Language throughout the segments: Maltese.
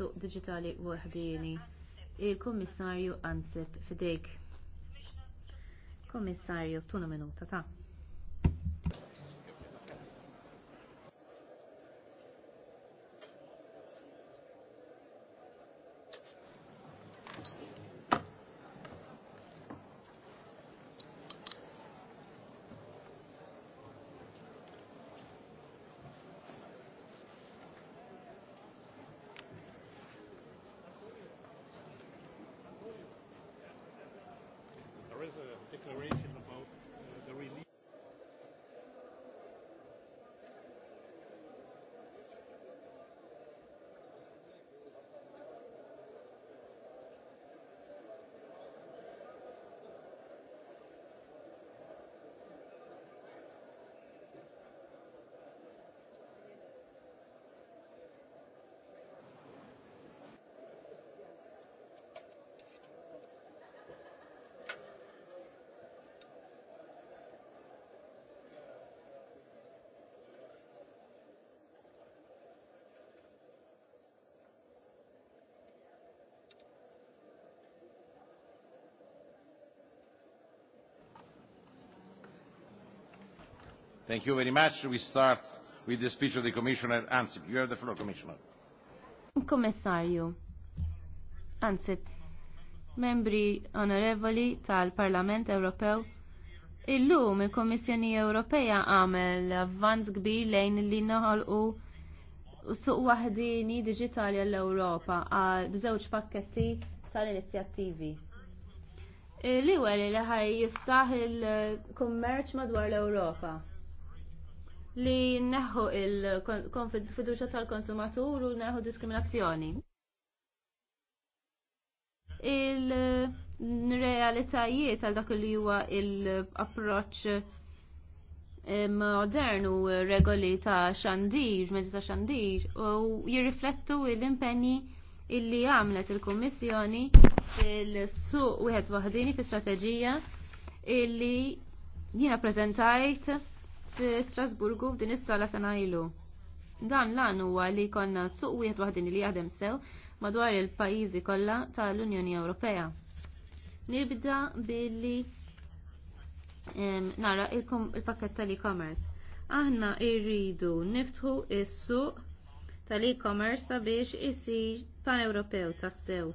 suq digitali waħdini. Il-Kummissarju Ansip fidejk. Kummissarju, tuna minuta ta'. Thank you very much. We start with the speech of the Commissioner Ansip. You have the floor, Commissioner. Kommissarju, Ansip, membri onorevoli tal-Parlament Ewropew, illum il-Kommissjoni Ewropea għamel avvanz kbir lejn li u suq wahdini digitali għall-Ewropa għal bżewġ pakketti tal-inizjattivi. L-ewwel li ħaj jiftaħ il-kummerċ madwar l-Ewropa li neħu il-fiduċa tal-konsumatur u neħu diskriminazzjoni. Il-realitajiet għal dak li huwa il-approċ eh, modern u regoli ta' xandir, mezzi ta' xandir, u jirriflettu l-impenni illi għamlet il-Kommissjoni fil-suq wieħed waħdini fi strateġija illi jina prezentajt Strasburgu f'din is-sala sena ilu. Dan lan huwa li konna suq wieħed waħdin li jaħdem sew madwar il-pajjiżi kollha tal-Unjoni Ewropea. Nibda billi nara il-pakket tal-e-commerce. Aħna irridu niftħu is-suq tal-e-commerce sabiex isir pan-Ewropew tas-sew.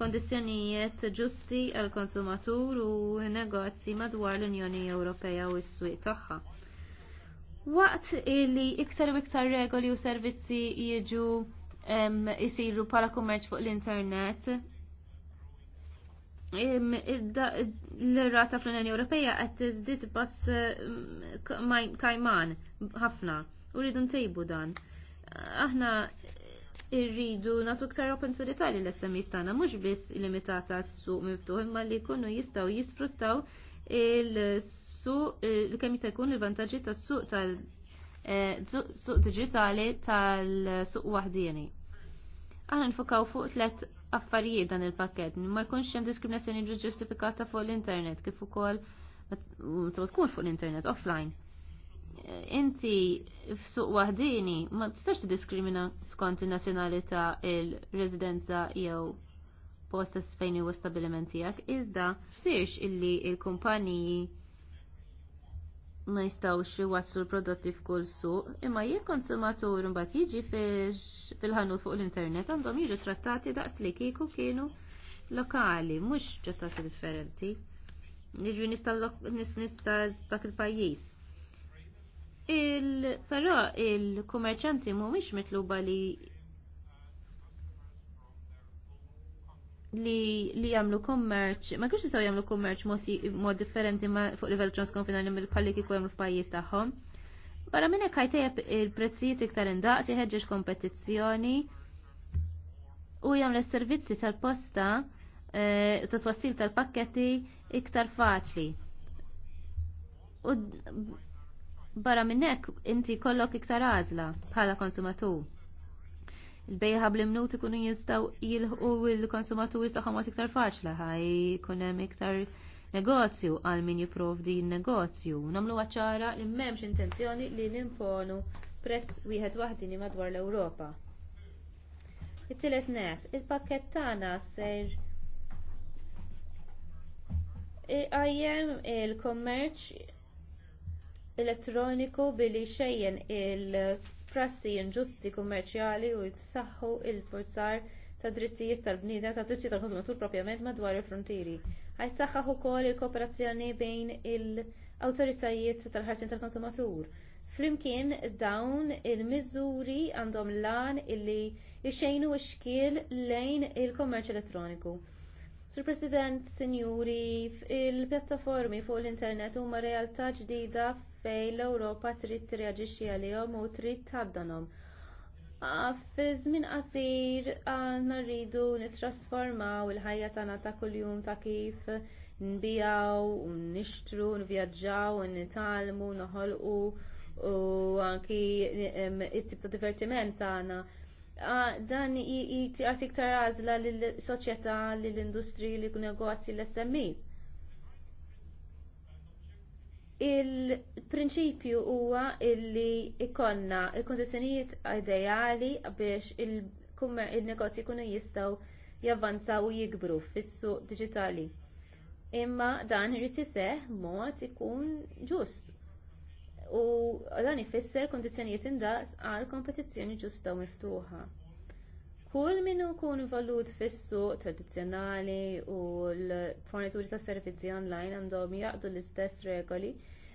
kondizjonijiet ġusti għall konsumatur u negozji madwar l-Unjoni Ewropea u s-swieq tagħha. Waqt li iktar u iktar regoli u servizzi jiġu jisiru pala kummerċ fuq l-internet, l-rata fl-Unjoni Ewropea qed tiżdied pass kajman ħafna u rridu ntejbu dan. Aħna irridu nagħtu iktar opportunità li l-SMEs tagħna mhux biss limitata s-suq miftuħ imma li jkunu jistgħu jisfruttaw il-suq suq eh, li kemm jista' jkun il-vantaġġi tas-suq tal-suq eh, diġitali tal-suq waħdieni. Aħna nfukaw fuq tliet affarijiet dan il-pakket, ma jkunx hemm diskriminazzjoni ġustifikata fuq l-internet kif ukoll ma tkunx fuq l-internet offline. Eh, inti f'suq waħdini ma tistax tiddiskrimina skont in-nazzjonalità il-residenza jew post fejn huwa stabiliment tiegħek, iżda sirx illi il-kumpaniji ma jistawx iwasslu l-prodotti f'kull suq, imma jekk konsumatur mbagħad jiġi fil-ħanut fuq l-internet għandhom jiġu trattati daqs li kieku kienu lokali, mhux trattati differenti. Jiġri nista' dak il-pajjiż. Il, però il-kummerċanti mhumiex mitluba li li li jagħmlu kummerċ, ma kienx jistgħu jagħmlu kummerċ mod differenti ma fuq livell transkonfinali mill-palli kieku jagħmlu f'pajjiż tagħhom. Barra minn hekk il-prezzijiet iktar indaqs, jeħeġġeġ kompetizzjoni u jagħmel is-servizzi tal-posta eh, ta' swassil tal-pakketti iktar faċli. U barra minn hekk inti kollok iktar għażla bħala konsumatur il-bejħa bl-imnut ikunu jistaw jilħu il-konsumaturi jistaw mod iktar faċla ħaj jkun hemm iktar negozju għal min jipprovdi n-negozju. Namlu ċara li m'hemmx intenzjoni li nimponu prezz wieħed waħdini madwar l-Ewropa. It-tielet net, il-pakket tagħna ser għajjem il-kommerċ elettroniku billi xejjen il-kommerċ prassi inġusti kummerċjali u jsaħħu l-forzar ta' drittijiet tal-bniedem ta' drittijiet tal-konsumatur propjament madwar il-frontieri. Għajsaħħaħ ukoll il-kooperazzjoni bejn il-awtoritajiet tal-ħarsin tal-konsumatur. Flimkien dawn il-miżuri għandhom lan illi jxejnu xkiel lejn il-kommerċ elettroniku. Sir President, Sinjuri, il-pjattaformi fuq l-internet huma realtà ġdida fejn l-Ewropa trid tirreġixxi għalihom u trid tħaddanhom. Fi żmien qasir għandna rridu nittrasformaw il-ħajja tagħna ta' kuljum ta' kif nbijaw, nixtru, nvjaġġaw, nitalmu, noħolqu u anki it-tip ta' divertiment tagħna dan jgħati iktar għażla lill-soċjetà, lill-industri, lill-negozji, l-SMEs. Il-prinċipju huwa illi ikonna il-kondizjonijiet ideali biex il-negozji jkunu jistgħu javvanzaw u jikbru fis-suq diġitali. Imma dan irid iseħħ mod ikun ġust u dan ifisser kundizzjonijiet indaqs għal kompetizzjoni ġusta u miftuħa. Kull min ikun valut fis-suq tradizzjonali u l-fornituri ta' servizzi online għandhom jaqdu l-istess regoli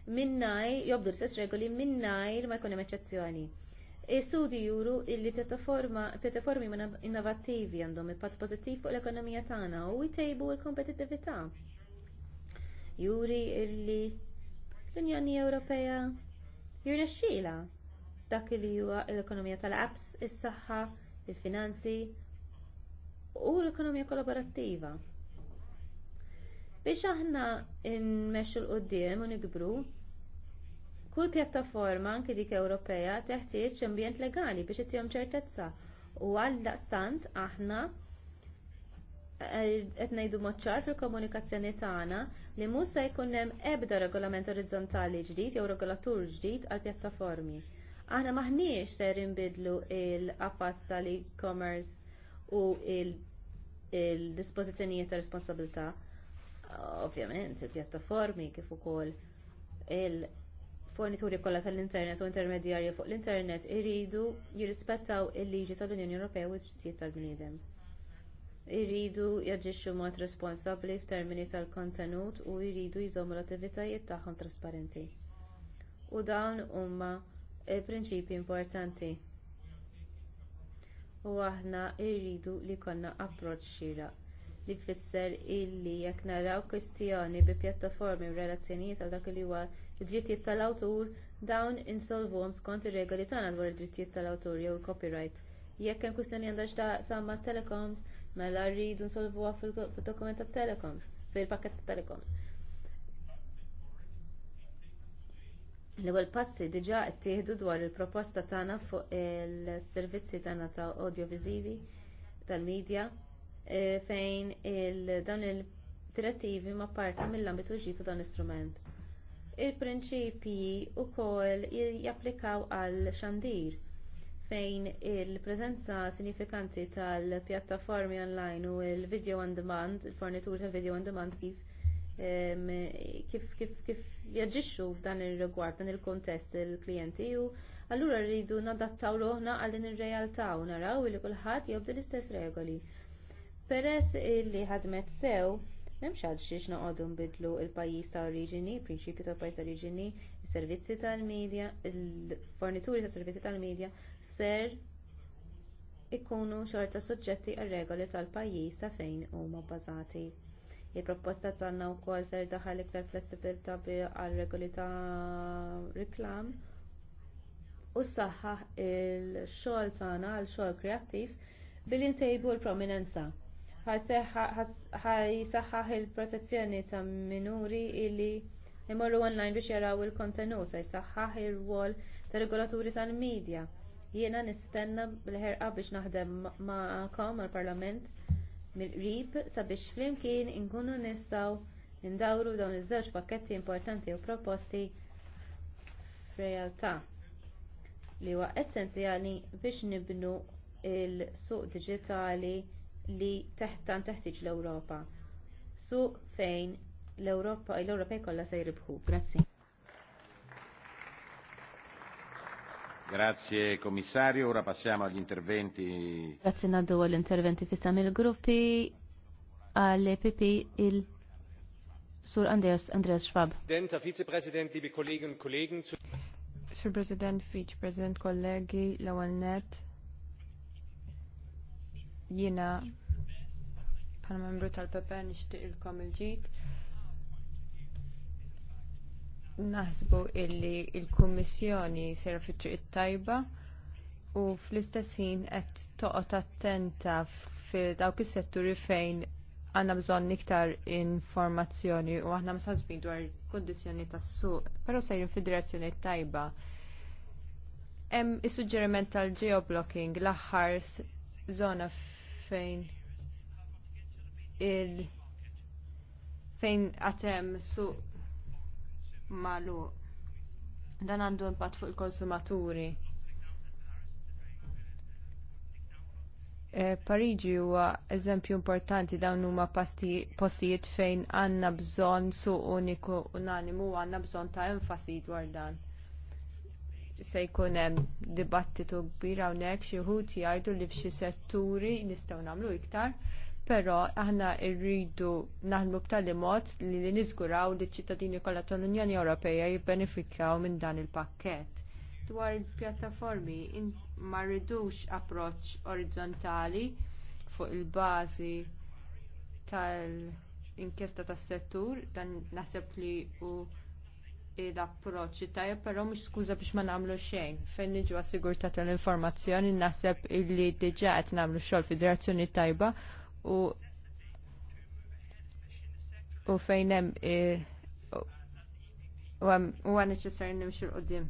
minnaj, jobdu l-istess regoli minnaj ma jkun hemm eċċezzjoni. Istudji juru illi pjattaformi innovattivi għandhom impatt pożittiv fuq l-ekonomija tagħna u jtejbu l-kompetittività. Juri illi l-Unjoni Ewropea jirnexxila dak li huwa l-ekonomija tal-apps, is-saħħa, il-finanzi u l-ekonomija kollaborattiva. Biex aħna nmexxu l-qudiem u nikbru, kull pjattaforma anki dik Ewropea teħtieġ ambjent legali biex ittihom ċertezza u għal daqstant aħna qed ngħidu moċċar fil-komunikazzjoni tagħna li mhux se jkun hemm ebda regolament orizzontali ġdid jew regolatur ġdid għall pjattaformi. Aħna maħniex ser jinbidlu il-qafas tal-e-commerce u il-dispożizzjonijiet ta' responsabilità. Ovvjament, il-pjattaformi kif ukoll il-fornituri kollha tal-internet u intermedjarji fuq l-internet iridu jirrispettaw il-liġi tal-Unjoni Ewropea u t-trittijiet tal-bniedem jridu jaġixxu mod responsabbli f'termini tal-kontenut u jridu jżommu l-attivitajiet tagħhom trasparenti. U dawn huma prinċipji importanti. U aħna jridu li jkollna approċċ xieraq li jfisser illi jekk naraw kwistjoni bi pjattaformi u relazzjonijiet għal dak li huwa id-drittijiet tal-awtur dawn insolvuhom skont ir-regoli tagħna dwar id-drittijiet tal-awtur jew il-copyright. Jekk hemm kwistjoni għandha x'taqsam mat telecoms mela rridu nsolvuha fil-dokument tat telecoms, fil-pakket tat telecoms. L-ewwel passi diġà ttieħdu dwar il-proposta tagħna fuq il-servizzi tagħna ta' audiovisivi tal-medja e, fejn dawn il-direttivi ma' parti mill-ambitu ġid ta' dan l-istrument. Il-prinċipji wkoll japplikaw għal xandir fejn il-preżenza sinifikanti tal-pjattaformi online u l video on demand, il-fornitur tal-video on demand kif kif kif kif jaġixxu f'dan ir-rigward dan il-kontest il-klijenti u allura rridu nadattaw loħna għal din ir-realtà u naraw li kulħadd jobda l-istess regoli. Peress li ħadmet sew, m'hemmx għal xiex noqogħdu nbidlu l pajjiż ta' oriġini, prinċipju ta' pajjiż ta' oriġini, is-servizzi tal-medja, il-fornituri ta' servizzi tal-medja, ser ikunu xorta suġġetti għal regoli tal-pajjiż ta' fejn huma bbażati. Il-proposta tagħna wkoll ser daħal iktar flessibilità għal regoli ta' riklam u saħħaħ il-xogħol tagħna għal xogħol kreattiv billi ntejbu l-prominenza. Ħajsaħħaħ il-protezzjoni ta' minuri illi imorru online biex jaraw il-kontenut, ħajsaħħaħ ir wol ta' regolaturi tal-medja. Jiena nistenna bil-ħerqa biex naħdem ma'kom għal-Parlament mill-qrib sabiex flimkien inkunu nistgħu indawru dawn iż-żewġ pakketti importanti u proposti f'realtà li huwa essenzjali biex nibnu l suq diġitali li teħtan teħtieġ l-Ewropa. Suq fejn l-Ewropa l-Ewropej kollha se jirbħu. Grazzi. Grazie commissario, ora passiamo agli interventi. Grazie Nando all'interventi fissami il gruppi all'EPP il Sur Andreas, Andreas Schwab. Presidente, Vizepräsident, liebe Kolleginnen und Kollegen. Sur President, Vizepräsident, kollegi, l-ewwel net. Jiena membru tal-PP nixtieq ilkom il-ġid. il ġid naħsbu illi il-Kummissjoni sejra fit-triq tajba u fl-istess ħin qed toqgħod attenta f'dawk is-setturi fejn għandna bżonn iktar informazzjoni u aħna msaħsbin dwar il-kundizzjoni tas-suq, però sejrin fid-direzzjoni tajba. Hemm is-suġġeriment tal-geoblocking l-aħħar żona fejn il fejn għatem suq malu. Dan għandu impatt fuq il-konsumaturi. Eh, Parigi Pariġi huwa eżempju importanti dawn huma postijiet fejn għandna bżonn suq uniku unanimu għandna bżonn ta' enfasi dwar dan. Se jkun hemm dibattitu kbir hawnhekk xi wħud jgħidu li f'xi setturi nistgħu nagħmlu iktar, però aħna rridu naħdmu b'tali mod li niżguraw li ċ-ċittadini kollha tal-Unjoni Ewropea jibbenefikjaw minn dan il-pakkett. Dwar il-pjattaformi ma rridux approċċ orizzontali fuq il-bażi tal-inkjesta tas-settur dan naħseb li hu l-approċċ tajjeb però mhux skuża biex ma nagħmlu xejn. Fejn niġu għas-sigurtà tal-informazzjoni naħseb illi diġà qed nagħmlu xogħol fid-direzzjoni tajba u u fejnem e, u għan neċessarju nimxu l-qoddim.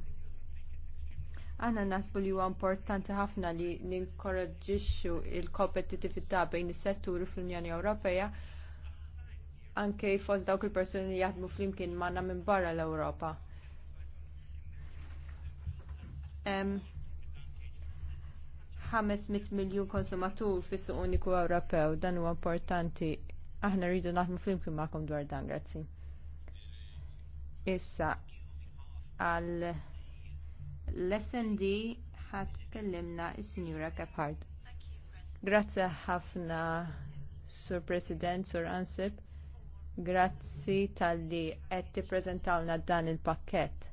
Għana nasbu li huwa importanti ħafna li ninkoraġġixxu il-kompetitività bejn is-setturi fl-Unjoni Ewropea anke fost dawk il-persuni li jaħdmu flimkien magħna minn barra l-Ewropa. 500 miljun konsumatur fis-suq uniku Ewropew dan huwa importanti. Aħna rridu naħdmu flimkien magħkom dwar dan, grazzi. Issa għal l-SND ħadd kellimna is-Sinjura Gephardt. Grazzi ħafna Sur President, Sur Ansip. Grazzi tal-li qed tippreżentawna dan il-pakkett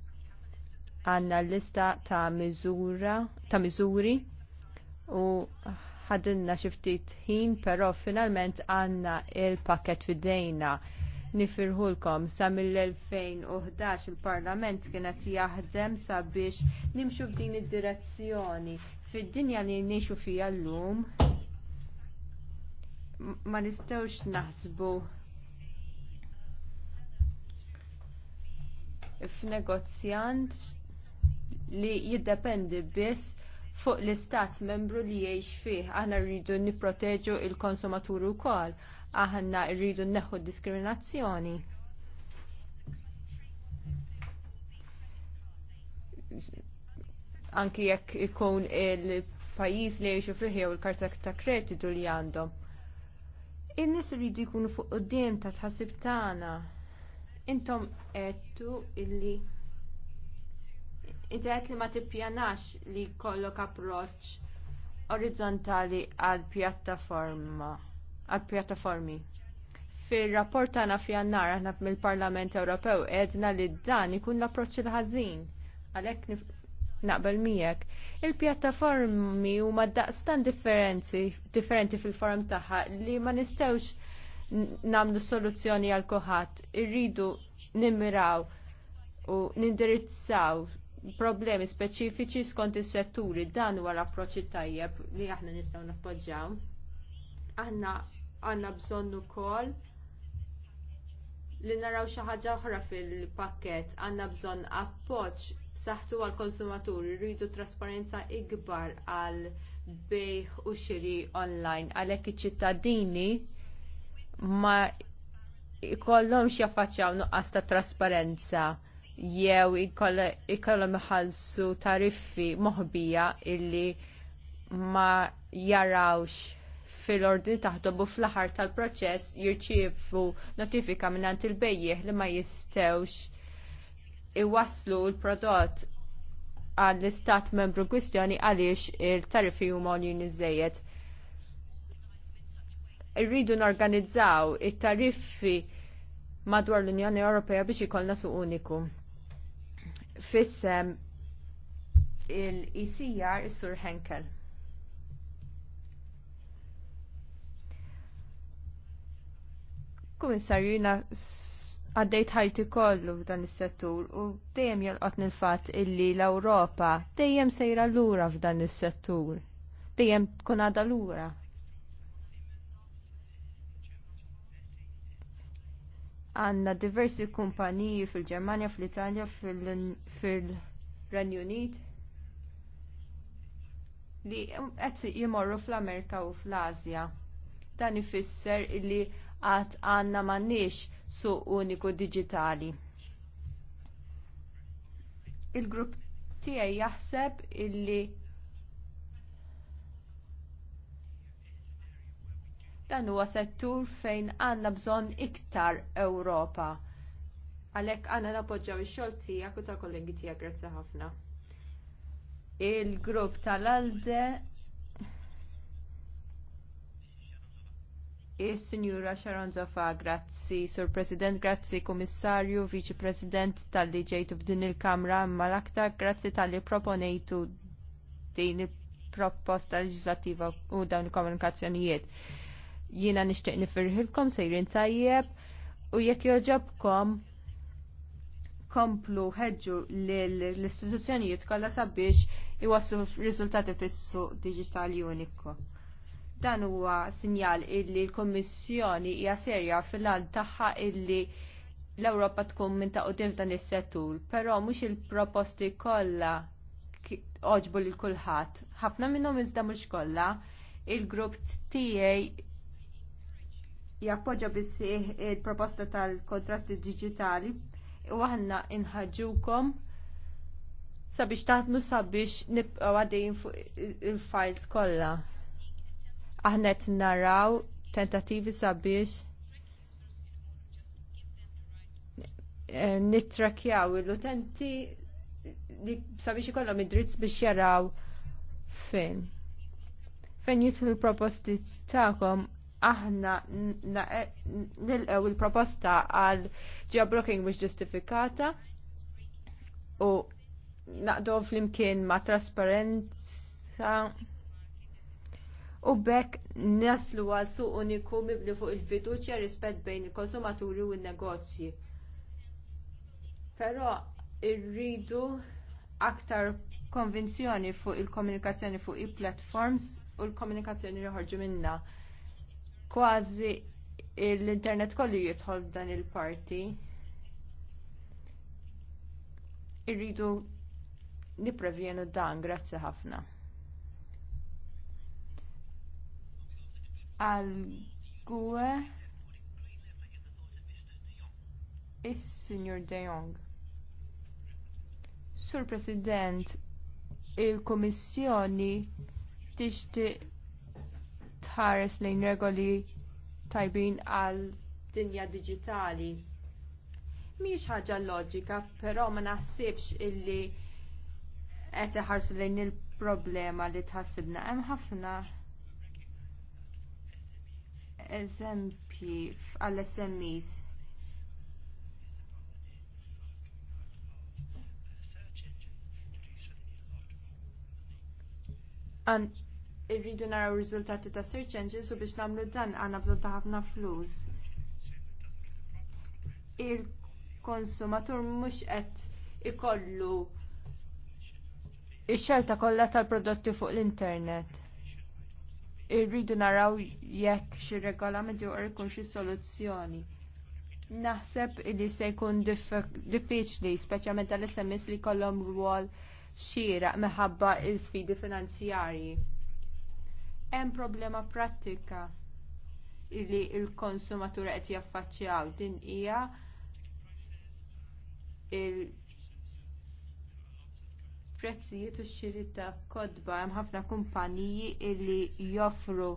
għanna l-lista ta' miżura ta' miżuri u ħadinna xiftit ħin, pero finalment għanna il-pakket fidejna. Nifirħulkom sa mill-2011 il-Parlament kienet jaħdem sabiex nimxu f'din id-direzzjoni. Fid-dinja li nixu fija l-lum ma nistawx naħsbu f'negozjant li jiddependi biss fuq l-istat membru li jgħix fih. Aħna rridu nipproteġu il-konsumaturi wkoll, aħna rridu neħu diskriminazzjoni. Anki jekk ikun il-pajjiż li jgħixu fih jew il-karta ta' kreditu li għandhom. In-nies rridu jkunu fuq quddiem ta' tħassib tagħna. Intom għedtu illi Inti għed li ma tippjanax li jkollok approċċ orizzontali għal pjattaforma għal pjattaformi. Fir-rapport tagħna f'jannar għana mill-Parlament Ewropew edna li dan ikun l approċ il-ħażin għalhekk naqbel miegħek. Il-pjattaformi huma daqstan differenzi differenti fil-form tagħha li ma nistgħux nagħmlu soluzzjoni għal kuħadd Irridu nimmiraw u nindirizzaw problemi speċifiċi skont is-setturi dan huwa l-approċċ tajjeb li aħna nistgħu nappoġġjaw. Aħna għandna bżonn ukoll li naraw xi ħaġa oħra fil-pakkett għandna bżonn appoġġ b'saħħtu għall konsumaturi rridu trasparenza ikbar għal bejħ u xiri online għalhekk iċ-ċittadini ma jkollhomx jaffaċċjaw nuqqas ta' trasparenza jew ikollhom iħallsu tariffi moħbija illi ma jarawx fil-ordni taħdobu fl-aħħar tal-proċess jirċifu notifika minnant il-bejjeħ li ma jistewx iwaslu l-prodott għall-istat membru kwistjoni għaliex il-tariffi huma iżejjed. Irridu norganizzaw it-tariffi madwar l-Unjoni Ewropea biex ikollna su uniku fissem il-ECR Sur Henkel. Kummissar jina għaddejt ħajti kollu f'dan is-settur u dejjem jolqot nil fatt illi l-Ewropa dejjem sejra lura f'dan is-settur. Dejjem tkun għadha lura. għanna diversi kumpaniji fil-Germania, fil-Italja, fil-Renju Unit li qed jimorru fl-Amerika u fl azja Dan ifisser li għad għanna m'għandniex su uniku digitali. Il-grupp tiegħi jaħseb illi Dan huwa settur fejn għandna bżonn iktar Ewropa. Għalhekk għandna nappoġġjaw ix-xogħol tiegħek u tal-kollegi tiegħek grazzi ħafna. Il-grupp tal-Alde Is-Sinjura Sharon Zofa, grazzi, Sur President, grazzi, Komissarju, Viċi President tal-li ġejtu f'din il-Kamra, mal aktar grazzi tal-li proponejtu din il-proposta leġislativa u dawn il-komunikazzjonijiet. Jiena nixtieq nifirħilkom sejrin tajjeb u jekk joġobkom komplu ħeġġu l-istituzzjonijiet kollha sabiex iwassu riżultati fis-suq diġitali uniku. Dan huwa sinjal illi l-Kommissjoni hija serja fil-għal tagħha illi l-Ewropa tkun minn ta' qudiem dan is-settur, però mhux il-proposti kollha oġbu lil kulħadd. Ħafna minnhom iżda mhux kollha, il-grupp tiegħi jappoġġa bisih il-proposta tal-kontratti digitali u aħna inħaġukom sabiex taħdmu sabiex nibqgħu għaddejjin fuq il-files kollha. Aħna qed naraw tentativi sabiex eh, nittrakjaw l-utenti li sabiex ikollhom id-dritt biex jaraw fejn. Fejn jidħlu l-proposti tagħkom aħna e- nilqew il-proposta għal geoblocking mhux ġustifikata u naqdu flimkien ma' trasparenza u bekk naslu għal suq uniku mibni fuq il-fiduċja rispett bejn il-konsumaturi u n-negozji. Però irridu aktar konvinzjoni fuq il-komunikazzjoni fuq il-platforms u l-komunikazzjoni li ħorġu minna kważi l-internet kollu jidħol dan il-parti. Irridu niprevjenu dan, grazzi ħafna. Għal gwe is signor De Jong. Sur President, il-Komissjoni tixtieq tħares lejn regoli tajbin għal dinja digitali. Miex ħaġa loġika, però ma naħsibx illi qed iħarsu lejn il-problema li tħassibna. Hemm ħafna eżempji għall smes An irridu naraw riżultati ta' search engines u biex nagħmlu dan għandna bżonn ta' ħafna flus. Il-konsumatur mhux qed ikollu ix-xelta kollha tal-prodotti fuq l-internet. Irridu naraw jekk xi regolamenti u jkun xi soluzzjoni. Naħseb li se jkun diffiċli, speċjalment tal-SMS li kollhom rwol xieraq meħabba l sfidi finanzjarji. Hemm problema prattika li l-konsumatur qed jaffaċċjaw din hija il-prezzijiet u x-xiri ta' kodba hemm ħafna kumpaniji li joffru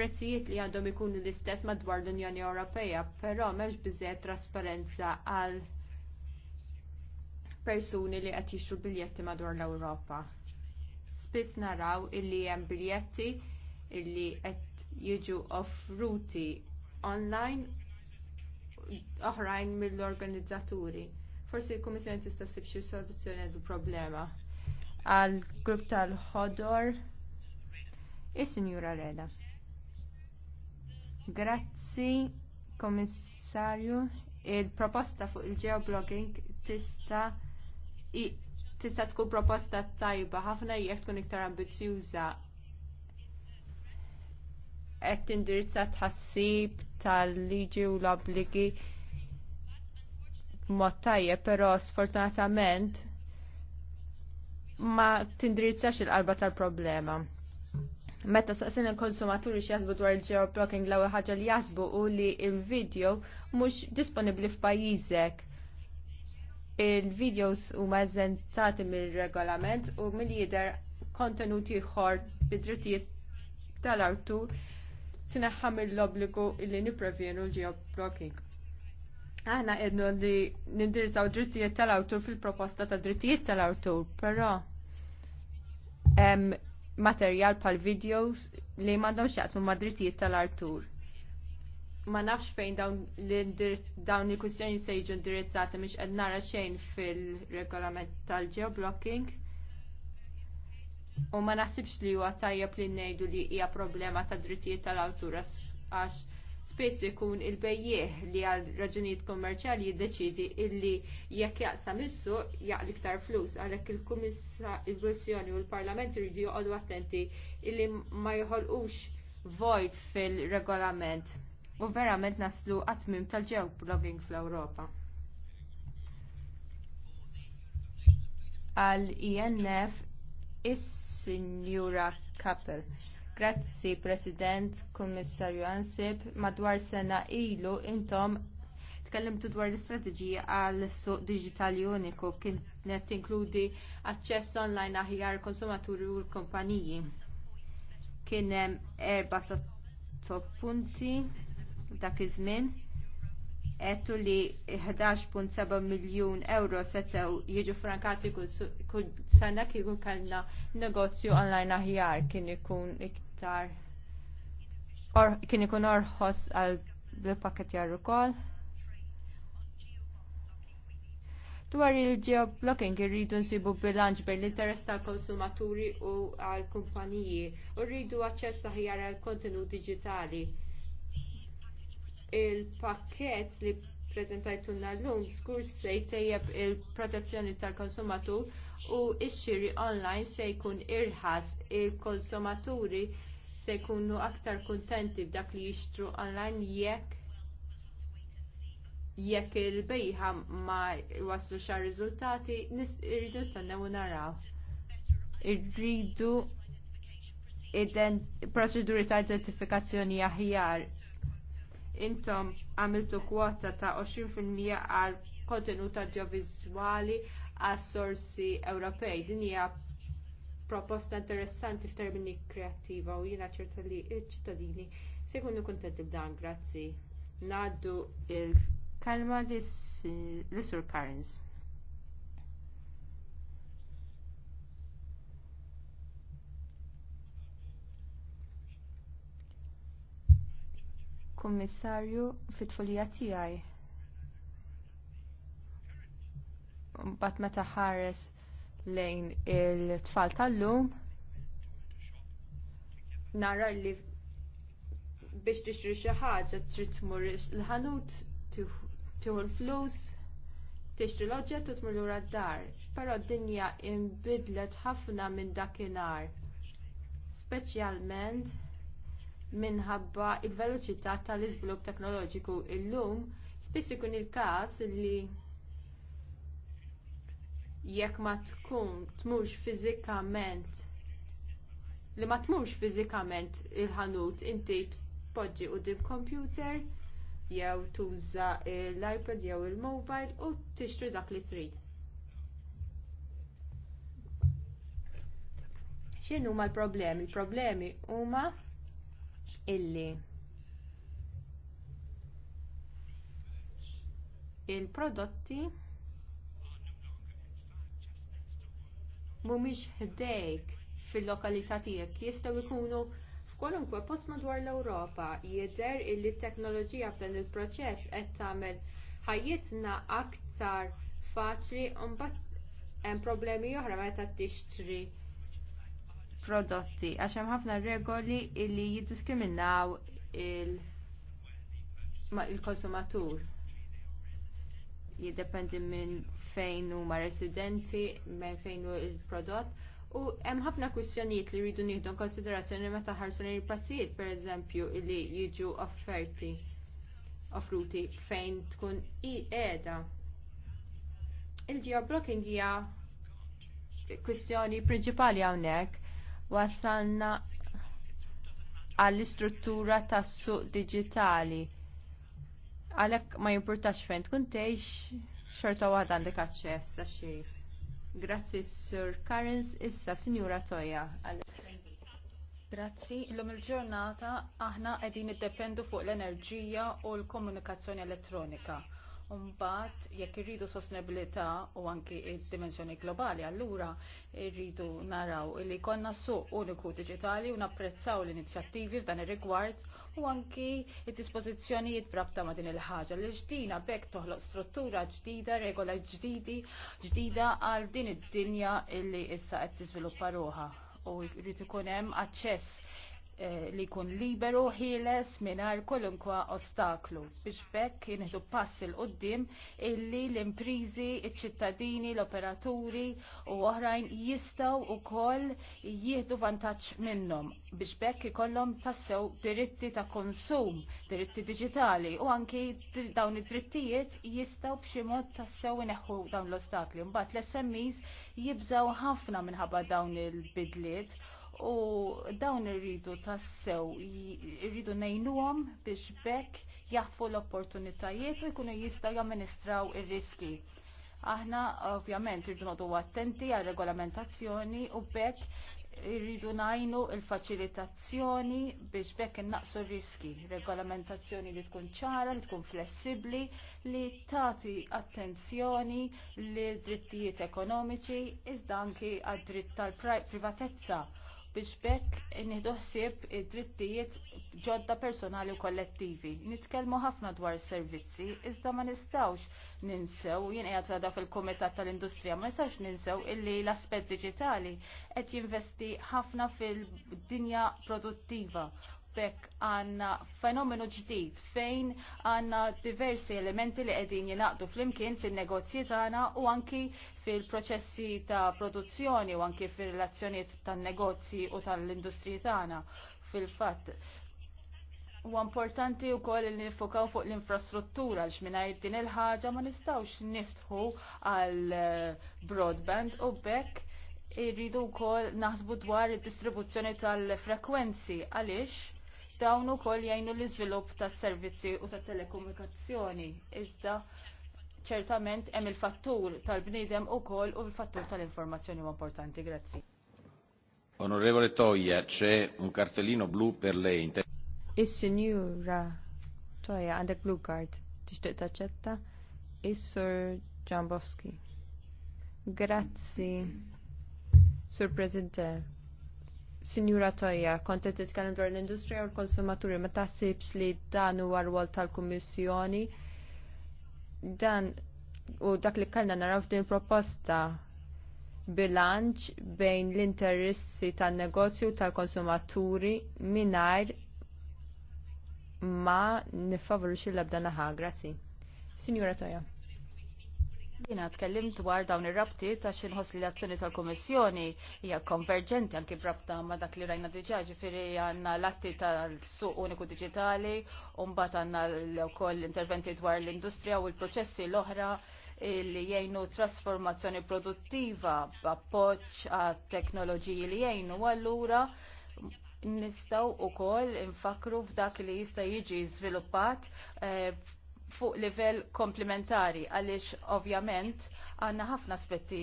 prezzijiet li għandhom ikunu l-istess madwar l-Unjoni Ewropea, però m'hemmx biżżejjed trasparenza għal persuni li qed jixtru biljetti madwar l-Ewropa. Spiss naraw illi hemm biljetti illi qed jiġu offruti online oħrajn mill-organizzaturi. Forsi l-Kummissjoni tista' ssib xi soluzzjoni għal problema għal grupp tal-ħodor is-Sinjura Reda. Grazzi, Komissarju. Il-proposta fuq il-geoblogging tista' tista' tkun proposta tajba ħafna jekk tkun iktar ambizzjuża qed tindirizza tħassib tal-liġi u l-obbligi mod tajjeb, però sfortunatament ma tindirizzax il-qalba tal-problema. Meta saqsin il-konsumaturi x'jasbu dwar il-geoblocking l-ewwel ħaġa li jasbu u li il-video mhux disponibbli f'pajjiżek. Il-videos huma eżentati mill-regolament u mill-jidher kontenuti ħor bid-drittijiet tal-artur tinaħħam l-obbligu illi niprevjenu l-geoblocking. Aħna għednu li nindirżaw drittijiet tal-awtur fil-proposta ta' drittijiet tal-awtur, però materjal pal videos li mandom xaqsmu ma' drittijiet tal-artur. Ma nafx fejn dawn il kustjoni se jiġu indirizzati miex qed nara xejn fil-regolament tal-geoblocking U ma naħsibx li huwa tajjeb li ngħidu li hija problema ta' drittijiet tal-awtur għax spiss ikun il-bejjieħ li għal raġunijiet kommerċjali jiddeċidi illi jekk jaqsam issu jaqli iktar flus għalhekk il-Kummissjoni u l-Parlament iridu joqogħdu attenti illi ma joħolqux void fil-regolament u verament naslu għatmim tal-ġew blogging fl-Ewropa. Għal INF e is-Sinjura Kappel. Grazzi, President, Kummissarju Ansib, madwar sena ilu intom tkellimtu dwar l-istrateġija għal suq digitali uniku kienet tinkludi aċċess online aħjar konsumaturi u l-kumpaniji. Kien hemm erba' sottopunti dak iż-żmien għettu li 11.7 miljun euro settew jiġu frankati kull sanna kieku kellna negozju online aħjar kien ikun iktar or, kien ikun orħos għal l-pakketjar ukoll. Dwar il-geoblocking irridu nsibu bilanċ bejn l-interess tal-konsumaturi u għall kumpaniji u rridu aċċess aħjar għall kontenut digitali il-pakket li prezentajtuna l-lum skur se jtejjeb il-protezzjoni tal-konsumatur u x-xiri online se jkun irħas il-konsumaturi se jkunu aktar kuntenti b'dak li jixtru online jekk jekk il-bejħa ma waslu xa riżultati irridu stannew naraw. Irridu proċeduri ta' identifikazzjoni aħjar intom għamiltu kwota ta' 20% għal kontenut audiovizuali għas sorsi Ewropej. Din hija proposta interessanti f'termini kreattiva u jiena ċerta li ċ-ċittadini se jkunu kuntenti b'dan, grazzi. Ngħaddu l kelma lis-Sur eh, Karins. kummissarju fit-tfulija tiegħi. B'at meta ħares lejn il-tfal tal-lum nara li biex tixtri xi ħaġa trid tmur il-ħanut tieħu l-flus tixtri l-oġġett u tmur lura d-dar. Però d-dinja inbidlet ħafna minn dakinhar. Speċjalment minħabba l veloċità tal-iżvilupp teknoloġiku illum spiss ikun il-każ li jekk ma tkun tmux fiżikament li ma tmux fiżikament il-ħanut inti tpoġġi quddiem computer jew tuża l-iPad jew il-mobile u tixtri dak li trid. X'inhuma l-problemi? Il-problemi huma illi il-prodotti mhumiex ħdejk fil-lokalità tiegħek jistgħu jkunu f'kwalunkwe post madwar l-Ewropa jidher illi t-teknoloġija f'dan il-proċess qed tagħmel ħajjitna aktar faċli u mbagħad hemm problemi oħra meta tixtri prodotti għax hemm ħafna regoli li jiddiskriminaw il-konsumatur. Jiddependi minn fejn huma residenti, minn fejn hu il-prodott u hemm ħafna kwistjonijiet li rridu nieħdu konsiderazzjoni meta ħarsu il-pazzijiet pereżempju li jiġu offerti offruti fejn tkun qiegħda. Il-geoblocking hija kwistjoni prinċipali hawnhekk wasalna għall-istruttura tas-suq diġitali. Għalhekk ma jimpurtax fejn tkun tgħix xorta waħda għandek aċċess għax Grazzi Sur Karens, issa Sinjura Toja. Grazzi, l-lum il-ġurnata aħna qegħdin dependu fuq l-enerġija u l-komunikazzjoni elettronika Umbat, jekk irridu sostenibilità u anki il dimensjoni globali, allura irridu naraw li konna suq uniku digitali u napprezzaw l-inizjattivi f'dan ir-rigward u anki il dispożizzjonijiet brabta ma' din il-ħaġa li ġdina bekk toħloq struttura ġdida, regola ġdidi, ġdida għal din id-dinja illi issa qed tiżviluppa ruha u jrid ikun hemm aċċess Eh, li jkun liberu ħieles mingħajr kolunkwa ostaklu biex bekk inħdu pass il qoddim illi l-imprizi, iċ-ċittadini, l-operaturi u oħrajn jistgħu wkoll jieħdu vantaġġ minnhom biex bekk ikollhom tassew diritti ta' konsum, diritti digitali, u anki dawn id-drittijiet jistgħu b'xi mod tassew ineħħu dawn l-ostakli. Mbagħad l-SMEs jibżgħu ħafna minħabba dawn il-bidliet u dawn irridu tassew irridu nejnuhom biex bekk jaħtfu l-opportunitajiet u jkunu jistgħu jamministraw ir-riski. Aħna ovvjament irridu noqgħdu attenti għal regolamentazzjoni u bekk irridu najnu il-faċilitazzjoni biex bekk innaqsu riski. Regolamentazzjoni li tkun ċara, li tkun flessibli, li tagħti attenzjoni li drittijiet ekonomiċi iżda anki għad-dritt tal-privatezza. -pri biex bekk nidħossib id-drittijiet ġodda personali u kollettivi. Nitkellmu ħafna dwar servizzi, iżda ma nistawx ninsew, jien qiegħed għadha fil-Kumitat tal-Industrija, ma nistawx ninsew illi l-aspett digitali qed jinvesti ħafna fil-dinja produttiva bekk għanna fenomenu ġdid fejn għanna diversi elementi li qegħdin fl flimkien fin-negozji tagħna u anki fil-proċessi ta' produzzjoni u anki fir-relazzjonijiet tan-negozji u tal-industriji tagħna. Fil-fatt U importanti u koll li nifokaw fuq l-infrastruttura għax minnajt din il-ħagġa ma nistawx niftħu għal eh, broadband u bekk irridu kol naħsbu dwar id distribuzzjoni tal-frekwenzi għaliex dawn ukoll jgħinu l-iżvilupp tas-servizzi u tat-telekomunikazzjoni. Iżda ċertament hemm il-fattur tal-bniedem ukoll u l-fattur tal-informazzjoni huwa importanti. Grazzi. Onorevole Toja, c'è un cartellino blu per lei. Is-Sinjura Toja għandek blue card. Tixtieq taċċetta? Is-Sur Ġambowski. Grazzi, Sur President. Sinjura Toja, kont qed titkellem dwar l-industrija u l-konsumaturi, ma taħsibx li dan huwa rwol tal-Kummissjoni. Dan u dak li kellna naraw f'din proposta bilanċ bejn l-interessi tan-negozju tal-konsumaturi mingħajr ma nifavorixi l-ebda naħa. Grazzi. Sinjura Toja. Jina tkellim dwar dawn ir-rabti ta' xinħos li l-azzjoni tal kummissjoni hija konverġenti anki b'rabta ma' dak li rajna diġà ġifieri għandna l-atti tal-suq uniku diġitali u mbagħad għandna wkoll interventi dwar l-industrija u l-proċessi l-oħra li jgħinu trasformazzjoni produttiva b'appoġġ għat teknoloġiji li jgħinu allura nistgħu ukoll infakru f'dak li jista' jiġi żviluppat eh, fuq livell komplementari għaliex ovvjament għanna ħafna aspetti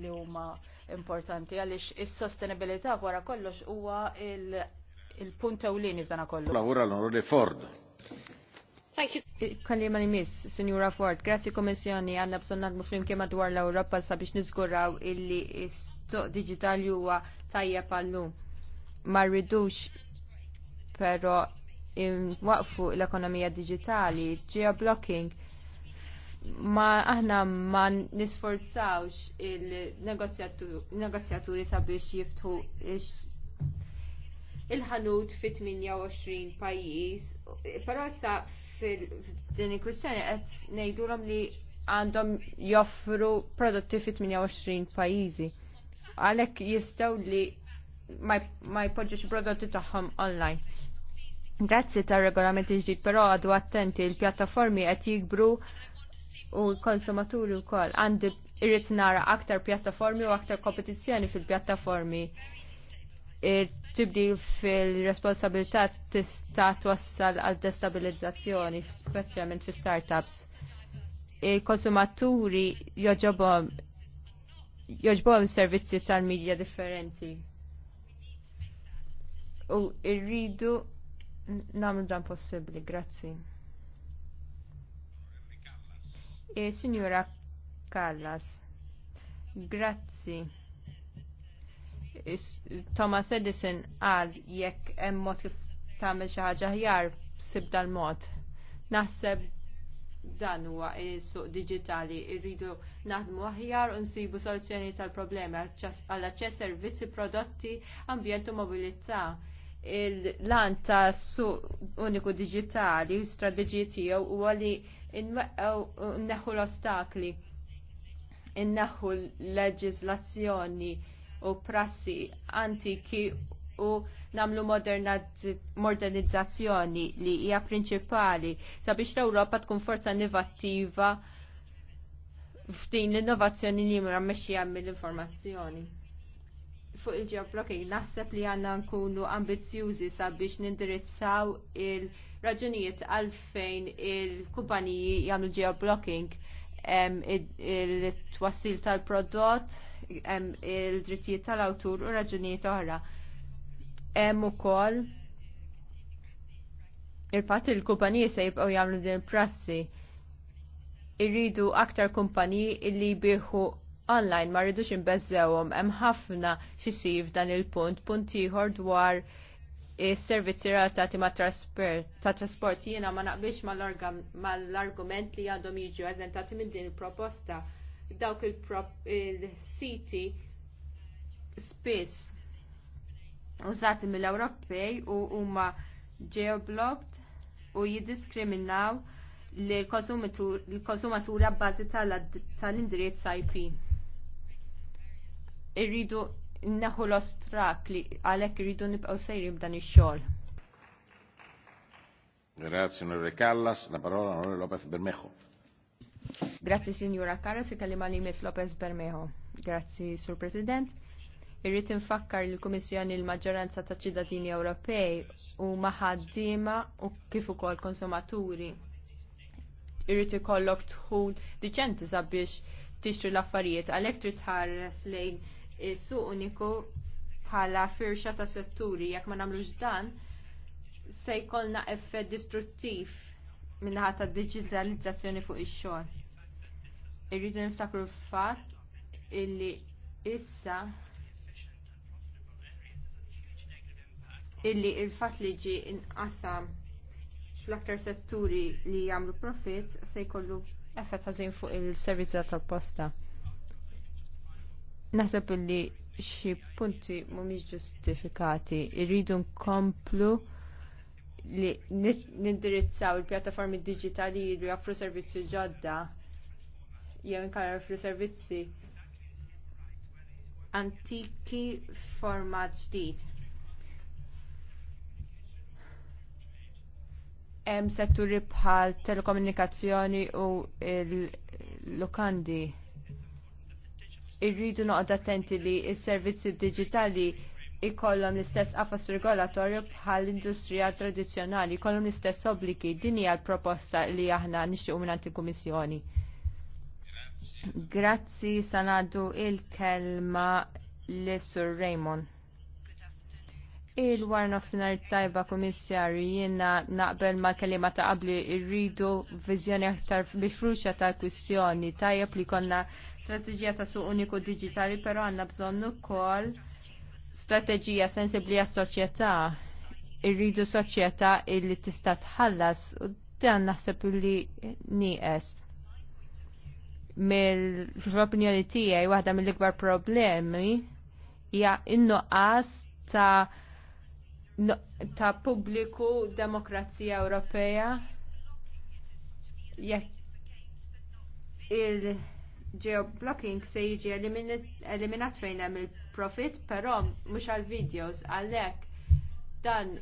li huma importanti għaliex is-sostenibilità wara kollox huwa il-punt il ewlieni f'dan kollu. Lavura l-onorevole Ford. Kalli ma Kallima li miss, Signora Ford, grazzi Komissjoni għanna bżon muflim flimkien madwar l europa sabiex nizguraw illi stoq digitali huwa tajjeb pallu. Ma rridux pero waqfu l-ekonomija digitali, geoblocking, ma aħna ma nisforzawx il-negozjaturi sabiex jiftħu il-ħanut fit 28 pajjiż, però issa fil il-kwistjoni qed ngħidulhom li għandhom joffru prodotti fit 28 pajjiżi. Għalhekk jistgħu li ma jpoġġux prodotti tagħhom online. Grazzi tar regolamenti ġdid, però għadu attenti il-pjattaformi qed jikbru u l-konsumaturi wkoll għandi irrit nara aktar pjattaformi u aktar kompetizzjoni fil-pjattaformi. Tibdi fil-responsabilità tista' twassal għal destabilizzazzjoni, speċjalment fi startups. Il-konsumaturi joġobhom joġbom servizzi tal-medja differenti. U irridu namlu dan possibbli, grazzi. E, signora Callas, grazzi. Thomas Edison qal jekk hemm mod kif tagħmel xi ħaġa ħjar sib dal-mod. Naħseb dan huwa is-suq diġitali rridu naħdmu aħjar u nsibu soluzzjoni tal-problemi għall-aċċess servizzi prodotti ambjent u mobilità il-lan ta' su uniku digitali u strategji tiegħu huwa li nneħħu l-ostakli, nneħħu l-leġiżlazzjoni u prassi antiki u namlu modernizzazzjoni li hija prinċipali sabiex l-Ewropa tkun forza innovattiva f'din l-innovazzjoni li mra mexxija mill-informazzjoni fuq il-ġeoblocking naħseb li għanna nkunu ambizjużi sabiex nindirizzaw il-raġunijiet għalfejn il-kumpaniji jagħmlu geoblocking il-twassil tal-prodott, il-drittijiet tal-awtur u raġunijiet oħra. Hemm ukoll il-fatt il-kumpaniji se jibqgħu jagħmlu din prassi irridu aktar kumpaniji illi bieħu online ma rridux imbeżżewhom hemm ħafna sir f'dan il-punt punt ieħor dwar is-servizzi relatati ma' ta' trasport jiena ma naqbilx mal-argument li għandhom jiġu eżentati minn din il-proposta dawk il-siti spiss użati mill-Ewropej u huma geoblocked u jiddiskriminaw l-konsumatura bbażi tal-indirizz IP irridu neħu l li għalhekk irridu nibqgħu sejri b'dan ix-xogħol. Grazie onorevole Callas, la parola Nur Lopez Bermejo. Grazie signora Callas, kalli li Miss Lopez Bermejo. Grazie sur President. Irrid infakkar li l-Kummissjoni l-maġġoranza ta' ċittadini Ewropej u maħaddima u kif ukoll konsumaturi. Irrit ikollok tħul diċenti sabiex tixtri l-affarijiet għalhekk trid tħares lejn is-suq uniku bħala firxa ta' setturi jekk ma nagħmlux dan se jkollna effett distruttiv minnaħa ta' digitalizzazzjoni fuq ix-xogħol. Irridu niftakru fatt illi issa illi il-fatt li ġi inqasam fl-aktar setturi li jagħmlu profitt se jkollu effett ħażin fuq il-servizza tal-posta. Naħseb li xi punti mhumiex ġustifikati, irridu nkomplu li nindirizzaw il-pjattaformi digitali li jaffru servizzi ġodda jew inkar jaffru servizzi antiki format ġdid. Hemm setturi bħal telekomunikazzjoni u l-lukandi irridu noqod attenti li s-servizzi digitali ikollhom l-istess qafas regolatorju bħal industrija tradizzjonali, jkollhom l-istess obbligi. Din hija l-proposta li aħna nixtiequ minn il-Kummissjoni. Grazzi sanadu il-kelma l-Sur Raymond. Il-war nofsinar tajba komissjari jenna naqbel ma kalima ta' qabli irridu vizjoni aktar bifruxa ta' kwistjoni tajab li konna strategija ta' suq uniku digitali pero għanna bżonnu kol strategija sensibli għas soċjetà irridu soċjetà illi tista' tħallas u dan naħseb li nieqes mill-opinjoni tiegħi waħda mill-ikbar problemi hija għas ta' ta' pubbliku demokrazija Ewropea jekk il-geoblocking se jiġi eliminat fejn hemm il-profit, però mhux għall videos għalhekk dan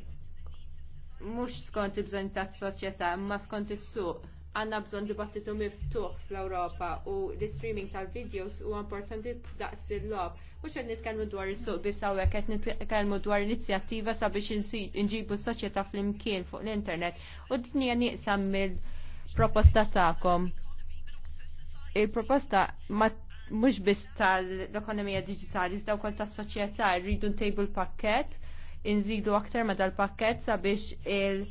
mhux skont il-bżonn tas-soċjetà imma skont is-suq għanna bżon dibattitu miftuħ fl-Europa u l-streaming tal-videos u importanti daqs il-lob. Mux għed nitkelmu dwar il-suq biss hawnhekk għed nitkelmu dwar inizjattiva sabiex nġibu s-soċieta fl-imkien fuq l-internet u d-dinja nieqsa mill-proposta ta'kom. Il-proposta ma mux biss tal-ekonomija digitali, iżda wkoll tas-soċjetà rridu ntejbu l-pakket, inżidu aktar ma dal-pakket sabiex il-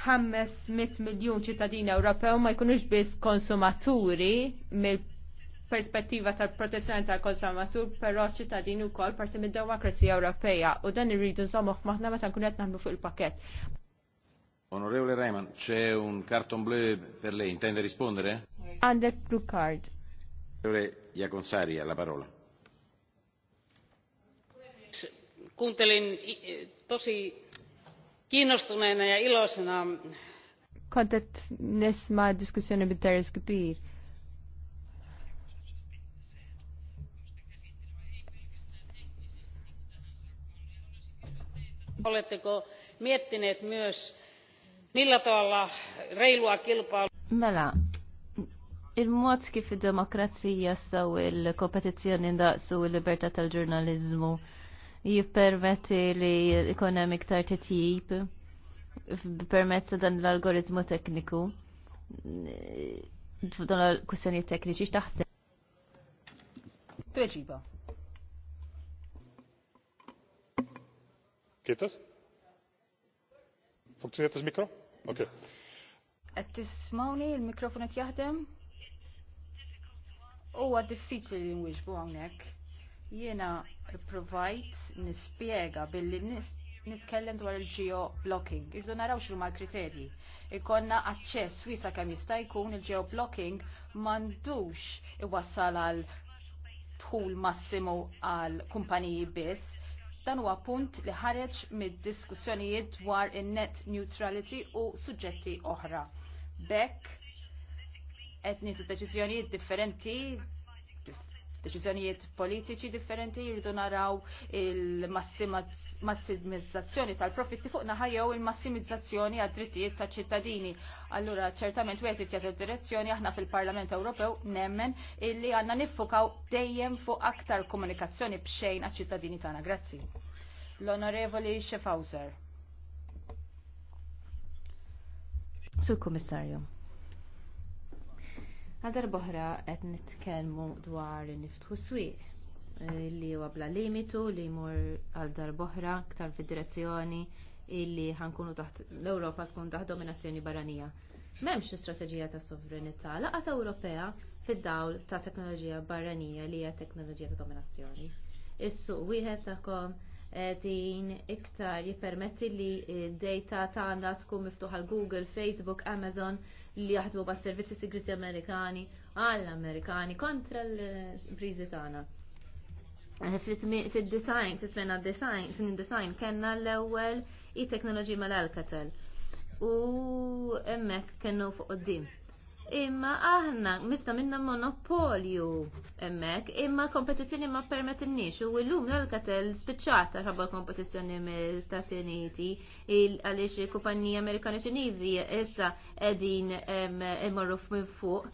500 miljon ċittadini Ewropew ma jkunux biss konsumaturi mill perspettiva tal-protezzjoni tal-konsumatur, però ċittadini wkoll parti mid-demokrazija Ewropea u dan irridu nżommu f'maħna meta nkun qed naħdmu fuq il-pakett. Onorevole Rayman, c'è un carton bleu per lei, intende rispondere? Għandek blue card. Onorevole Jaconsari, la parola. Kuuntelin tosi kiinnostuneena ja iloisena. Kontet nisma diskussjoni bit-teres kbir. Oletteko miettineet myös, millä tavalla reilua kilpailua... Mela, il-mod kif id-demokrazija saw il-kompetizzjoni ndaqsu il-libertà tal-ġurnalizmu jippermetti li ikonem iktar titjib permezz dan l-algoritmu tekniku. Dan l-kussjoni tekniċi x'taħseb? Tweġiba. Kietas? Funktioniert tas Mikro? Ok Qed tismawni l-mikrofon qed jaħdem? Huwa diffiċli li nwijġbu hawnhekk. Jiena provajt nispiega billi nitkellem dwar il-geoblocking. Irdu naraw x'huma l-kriterji. Ikonna aċċess wisa kemm jista' jkun il-geoblocking m'għandux iwassal għal dħul massimu għal kumpaniji biss. Dan huwa punt li ħareġ mid-diskussjonijiet dwar in-net neutrality u suġġetti oħra. Bekk qed nieħdu deċiżjonijiet differenti deċiżjonijiet politiċi differenti jridu naraw il-massimizzazzjoni tal-profitti fuq naħajew il-massimizzazzjoni għad drittijiet ta' ċittadini. Allura ċertament wieħed jitjaż direzzjoni aħna fil-Parlament Ewropew nemmen illi għandna niffukaw dejjem fuq aktar komunikazzjoni bxejn għaċ ċittadini tagħna. Grazzi. L-Onorevoli Schaffhauser. Sur Kommissarju. Għadar boħra qed nitkellmu dwar niftħu swieq eh, li huwa bla limitu li jmur għal dar boħra ktar fid-direzzjoni illi ħankunu taħt l-Ewropa tkun taħt dominazzjoni barranija. M'hemmx strategija ta' sovranità laqas Ewropea fid-dawl ta' teknoloġija barranija li hija teknoloġija ta' dominazzjoni. Is-suq wieħed tagħkom din iktar jippermetti li d-data tagħna tkun miftuħa l Google, Facebook, Amazon li jaħdmu bas servizzi segreti Amerikani għall-Amerikani kontra l-brizi tagħna. Eh, Fid-design, fit sena design, design kellna l-ewwel i teknoloġi mal-Alcatel. U hemmhekk kellnu fuq qudiem imma aħna mista minna monopolju emmek, imma kompetizzjoni ma permetinniex, u l-lum l-katel spiċċata ħabba kompetizzjoni mill-Stati Uniti għaliex kumpanija Amerikani Ċiniżi issa edin imorru minn fuq.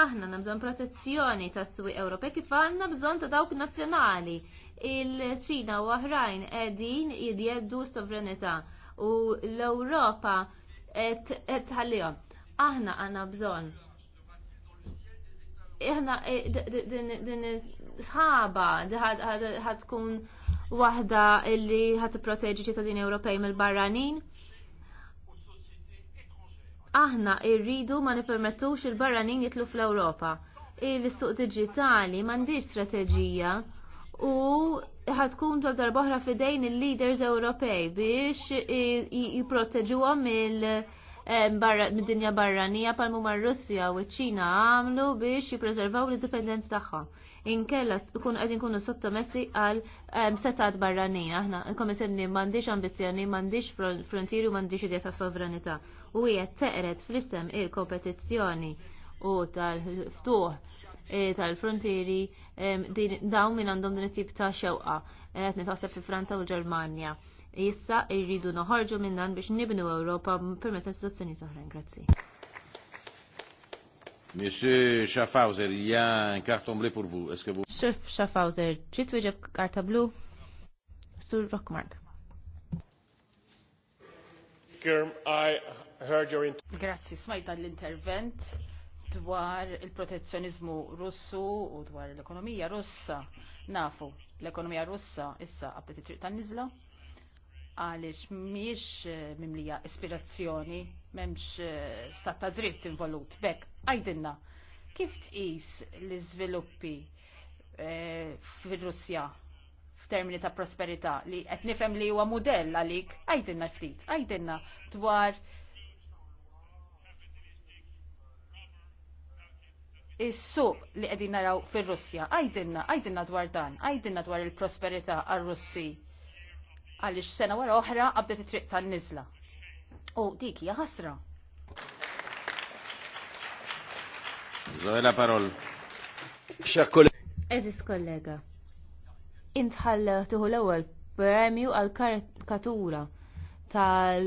Aħna nabżon protezzjoni tas swi Ewropej kif għandna bżonn ta' dawk nazzjonali. Il-Ċina u oħrajn edin jidjeddu sovranità u l-Ewropa tħallihom aħna għanna bżon. Iħna eh, din sħaba ħad tkun waħda illi ħad proteġi ċittadini Ewropej mill-barranin. Aħna irridu ma nipermettux il-barranin jitlu fl-Ewropa. Il-suq digitali mandiġ strategija u ħad tal darboħra fidejn il-leaders Ewropej biex jiprotteġuhom mill- mid-dinja barranija palmu mar russja u ċina għamlu biex jipreservaw l-indipendenz tagħha. Inkella tkun għedin kunu sottomessi għal setat barranija. Aħna il-Kommissjoni m'għandix ambizzjoni, m'għandix frontieri u m'għandix idea ta' sovranità. U jgħet teqret fl-istem il-kompetizzjoni u tal-ftuħ e, tal-frontieri dawn minn għandhom din it-tip ta' xewqa qed nitħasseb fi Franza u l-Ġermanja issa irridu noħorġu minnan biex nibnu Ewropa permessa istituzzjoni oħrajn. Grazzi. Monsieur Schaffhauser, il y a un carton bleu pour vous. Est-ce que vous... Schaffhauser, ġit wieġeb karta blu sur Rockmark. Grazzi, smajta l-intervent dwar il-protezzjonizmu russu u dwar l-ekonomija russa. Nafu, l-ekonomija russa issa għabdet it-triq tan-nizla għaliex mhijiex eh, mimlija ispirazzjoni, m'hemmx eh, stat ta' dritt involut. Bek, għajdinna, kif tqis l-iżviluppi fil eh, fir-Russja f'termini ta' prosperità li qed nifhem li huwa mudell għalik, għajdinna ftit, għajdinna dwar is-suq li qegħdin naraw fir-Russja. Għajdinna, għajdinna dwar dan, għajdinna dwar il-prosperità għar-Russi għaliex sena wara oħra qabdet it-triq tan-niżla. U dik hija ħasra. Zoe parol. Eżis kollega. Intħall tuħu l-ewwel premju għal karikatura tal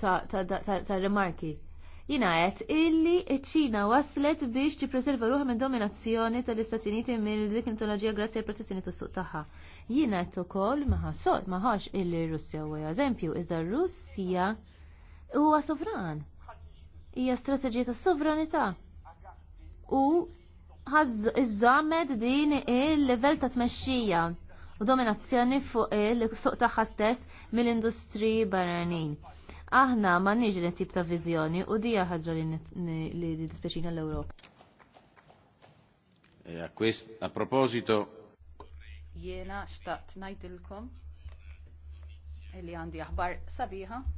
tal-rimarki jinaħet illi ċina waslet biex preserva ruħha minn dominazzjoni tal-Istati Uniti minn dik mitoloġija grazzi għall protezzjoni tas-suq tagħha. Jiena qed ukoll maħasol maħax illi Russja huwa eżempju iżda Russja huwa sovran. Hija strateġija tas-sovranità. U iżżamed din il-level ta' tmexxija u dominazzjoni fuq il-suq tagħha stess mill-industri barranin. Aħna ma nix din tip ta' viżjoni u dija ħaġa li dispeċina l-Ewropa. E a proposito Jiena xtaqt ngħidilkom li għandi aħbar sabiħa